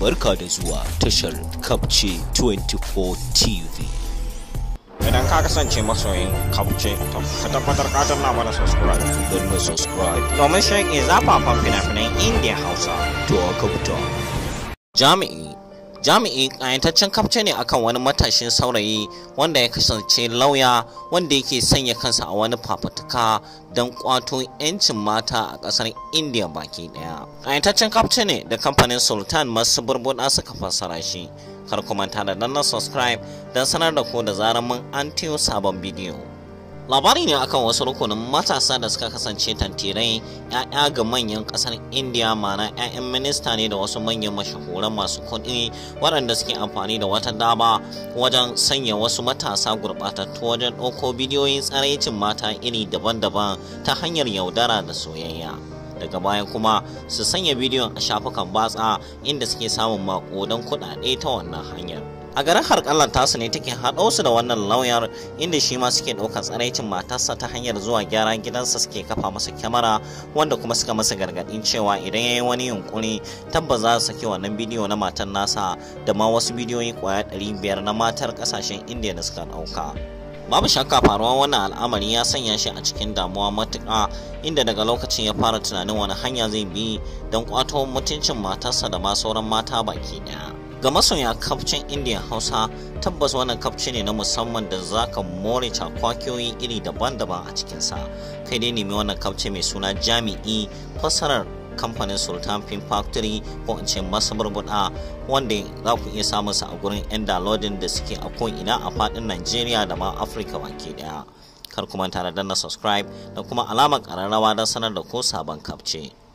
barka da zuwa tashar Kapce 24 TV. Idan ka kasance masoyin Kapce, ka tabbatar katon na mana subscribe. Don na subscribe. Domin shan zafafan fina-finan Indiya Hausa. To a kabuta. Jami'i jami'i kayantaccen kafce ne akan wani matashin saurayi wanda ya kasance lauya wanda yake sanya kansa a wani fafutuka don kwato 'yancin mata a ƙasar Indiya baki ɗaya ƙayataccen kafce ne da kamfanin sultan masu burbuɗa suka fassara shi kar kuma da danna subscribe don sanar da ku da zarar mun an tiyo sabon bidiyo labari ne akan wasu rukunin matasa da suka kasance tantirai 'ya'ya ga manyan kasar indiya mana 'ya'yan minista ne da wasu manyan mashahuran masu kuɗi waɗanda suke amfani da wata daba wajen sanya wasu matasa gurɓatattu wajen ɗauko bidiyoyin tsaraicin mata iri daban-daban ta hanyar yaudara da soyayya daga baya kuma su sanya bidiyon a shafukan batsa inda suke samun maƙudan kuɗaɗe ta wannan hanyar a garin harkallar tasu ne take haɗo su da wannan lauyar inda shi ma suke ɗaukar tsanaicin matarsa ta hanyar zuwa gyaran gidansa suke kafa masa kyamara wanda kuma suka masa gargaɗin cewa idan ya yi wani yunkuri tabbas za su saki wannan bidiyo na matar nasa da ma wasu bidiyoyi kwaya ɗari biyar na matar ƙasashen indiya da suka ɗauka. babu shakka faruwa wannan al'amari ya sanya shi a cikin damuwa matuƙa inda daga lokacin ya fara tunanin wani hanya zai bi don kwato mutuncin matarsa da ma sauran mata baki ɗaya. ga masoya kafcin indiya hausa tabbas wannan kafci ne na musamman da za ka more cakwakiyoyi iri daban-daban a cikinsa kai dai nemi wannan kafci mai suna jami'i fassarar kamfanin sultan film factory ko in ce masu burbuɗa wanda za ku iya samun sa a gurin 'yan dalodin da suke a ina a faɗin nigeria da ma afirka baki daya kar kuma tare da na subscribe da kuma alamar kararrawa don sanar da ko sabon kafce.